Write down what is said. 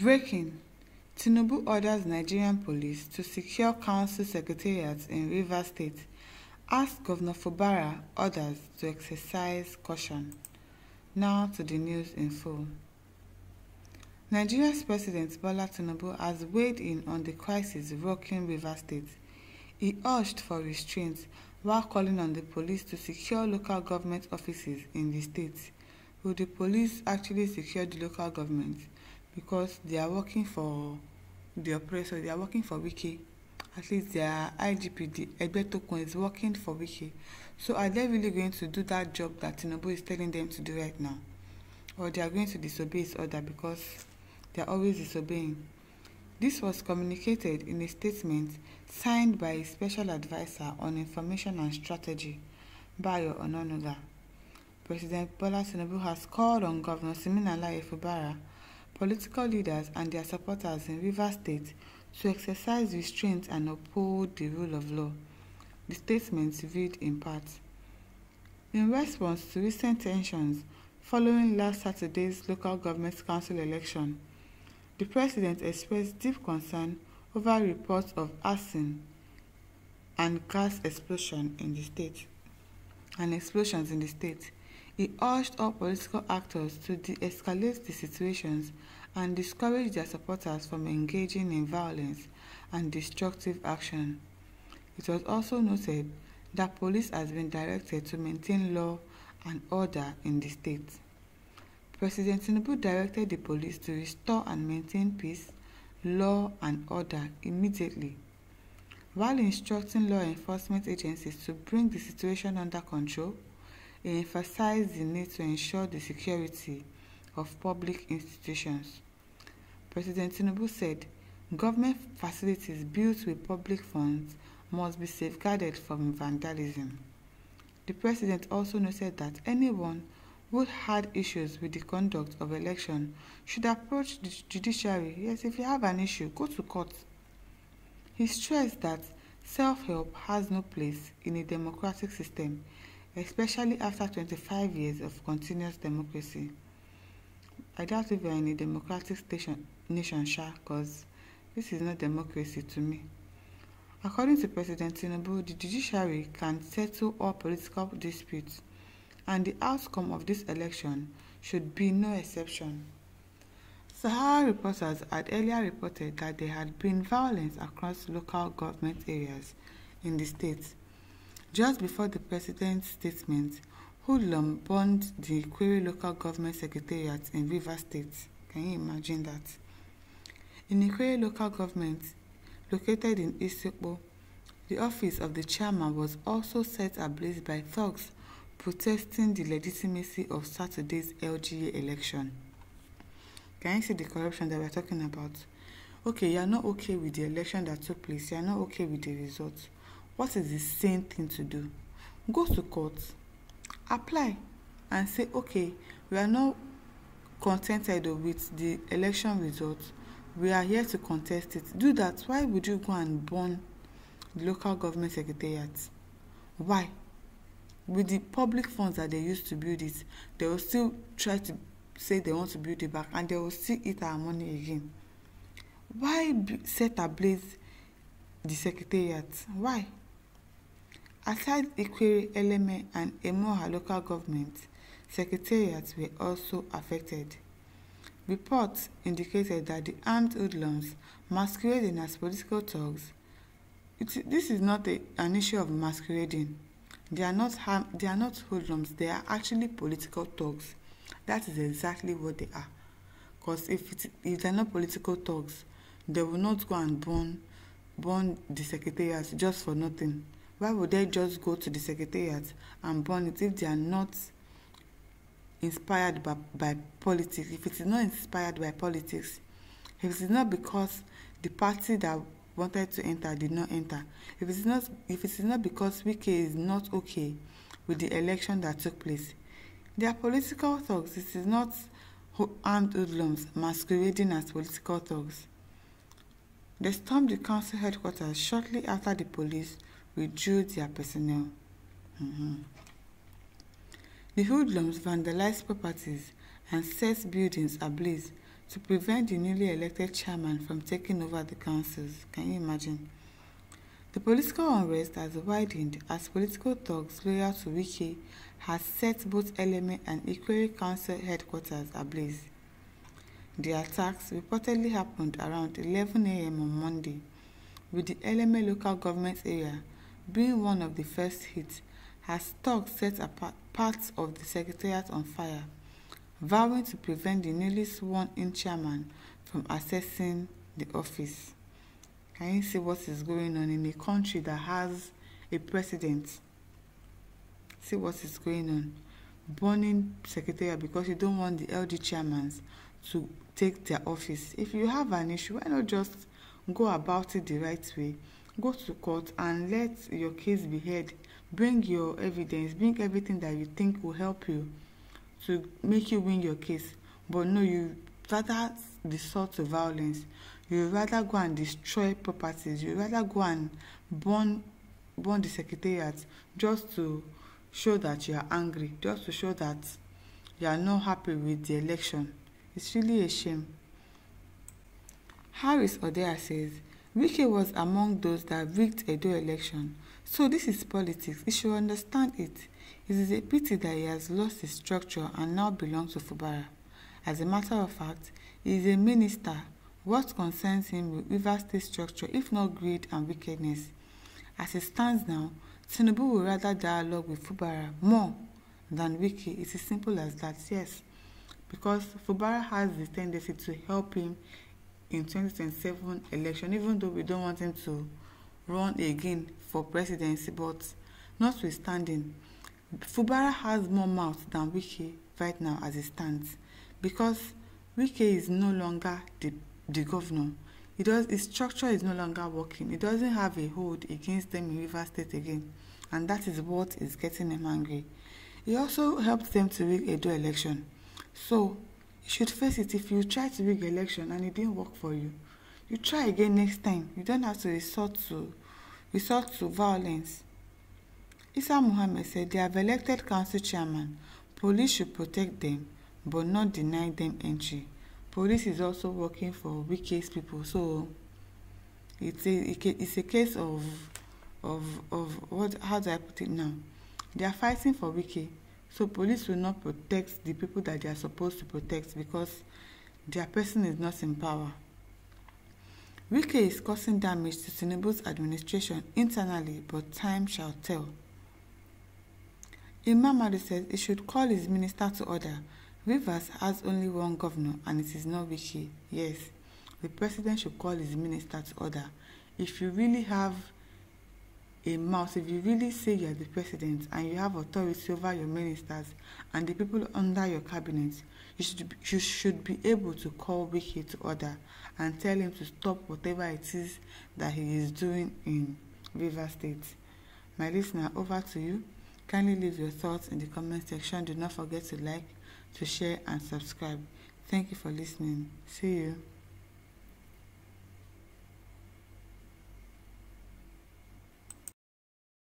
Breaking: Tinubu orders Nigerian police to secure council secretariats in Rivers State, asks Governor Fubara orders to exercise caution. Now to the news in full. Nigeria's President Bola Tinubu has weighed in on the crisis rocking Rivers State. He urged for restraint while calling on the police to secure local government offices in the state. Will the police actually secure the local government? because they are working for the oppressor, they are working for Wiki. At least their IGP, the Egbe Tokun, is working for Wiki. So are they really going to do that job that Tinubu is telling them to do right now? Or they are going to disobey his order because they are always disobeying. This was communicated in a statement signed by a special advisor on information and strategy, Bayo Onanuga. President Bola Tinubu has called on Governor Simina Laye Fubara political leaders and their supporters in Rivers State to exercise restraint and uphold the rule of law. The statement read in part. In response to recent tensions following last Saturday's local government council election, the president expressed deep concern over reports of arson and gas explosion in the state and explosions in the state. He urged all political actors to de escalate the situations and discourage their supporters from engaging in violence and destructive action. It was also noted that police has been directed to maintain law and order in the state. President Tinubu directed the police to restore and maintain peace, law, and order immediately, while instructing law enforcement agencies to bring the situation under control he emphasized the need to ensure the security of public institutions. President Tinubu said, government facilities built with public funds must be safeguarded from vandalism. The president also noted that anyone who had issues with the conduct of election should approach the judiciary. Yes, if you have an issue, go to court. He stressed that self-help has no place in a democratic system especially after 25 years of continuous democracy. I doubt if we are in a democratic station, nation, because this is not democracy to me. According to President Tinubu, the judiciary can settle all political disputes, and the outcome of this election should be no exception. Sahara reporters had earlier reported that there had been violence across local government areas in the state just before the president's statement, Hoodlum burned the Query Local Government Secretariat in Rivers State. Can you imagine that? In Ikwere Local Government, located in Isipo, the office of the chairman was also set ablaze by thugs protesting the legitimacy of Saturday's LGA election. Can you see the corruption that we're talking about? Okay, you're not okay with the election that took place, you're not okay with the results. what is the sane thing to do go to court apply and say okay we are not contented with the election result we are here to contest it do that why would you go and burn the local government secretariat why with the public funds that they used to build it they will still try to say they want to build it back and they will still eat our money again why set ablaze the secretariat why Aside the query element and Emoha local government, secretariats were also affected. Reports indicated that the armed hoodlums masquerading as political thugs. this is not a, an issue of masquerading. They are not harm, they are not hoodlums. They are actually political thugs. That is exactly what they are. Because if if they are not political thugs, they will not go and burn burn the secretariats just for nothing. Why would they just go to the secretariat and burn it if they are not inspired by, by politics? If it is not inspired by politics, if it is not because the party that wanted to enter did not enter, if it is not if it is not because Wike is not okay with the election that took place, they are political thugs. is not armed hoodlums masquerading as political thugs. They stormed the council headquarters shortly after the police withdrew their personnel. Mm-hmm. The hoodlums vandalized properties and set buildings ablaze to prevent the newly elected chairman from taking over the councils. Can you imagine? The political unrest has widened as political thugs loyal to Wiki has set both LMA and Equerry Council headquarters ablaze. The attacks reportedly happened around 11 a.m. on Monday, with the LMA local government area being one of the first hit, has stuck set apart parts of the secretariat on fire, vowing to prevent the newly sworn-in chairman from accessing the office. Can you see what is going on in a country that has a president? See what is going on. Burning secretariat because you don't want the LD chairmans to take their office. If you have an issue, why not just go about it the right way go to court and let your case be heard bring your evidence bring everything that you think will help you to make you win your case but no you rather resort to violence you rather go and destroy properties you rather go and burn burn the secretariat just to show that you are angry just to show that you are not happy with the election it's really a shame harris odeya says Wike was among those that rigged Edo election. So this is politics. You should understand it. It is a pity that he has lost his structure and now belongs to Fubara. As a matter of fact, he is a minister. What concerns him with Rivers State structure if not greed and wickedness? As it stands now, Tinubu will rather dialogue with Fubara more than Wike. It's as simple as that, yes. Because Fubara has the tendency to help him in 2027 election even though we don't want him to run again for presidency but notwithstanding fubara has more mouth than wike right now as it stands because wike is no longer the the governor It does his structure is no longer working he doesn't have a hold against them in rivers state again and that is what is getting him angry he also helped them to rig a dual election so should face it if you try to rig election and it didn't work for you. You try again next time. You don't have to resort to resort to violence. Isa Muhammad said they have elected council chairman. Police should protect them but not deny them entry. Police is also working for Wikileaks people. So it's a, it's a case of of of what how do I put it now? They are fighting for Wiki. So police will not protect the people that they are supposed to protect because their person is not in power. Wike is causing damage to Tinubu's administration internally, but time shall tell. Imam Ali says he should call his minister to order. Rivers has only one governor and it is not Wiki. Yes, the president should call his minister to order. If you really have a mouth if you really say you are the president and you have authority over your ministers and the people under your cabinet you should be, you should be able to call Wike to order and tell him to stop whatever it is that he is doing in Rivers State. My listener, over to you. Kindly leave your thoughts in the comment section. Do not forget to like, to share and subscribe. Thank you for listening. See you.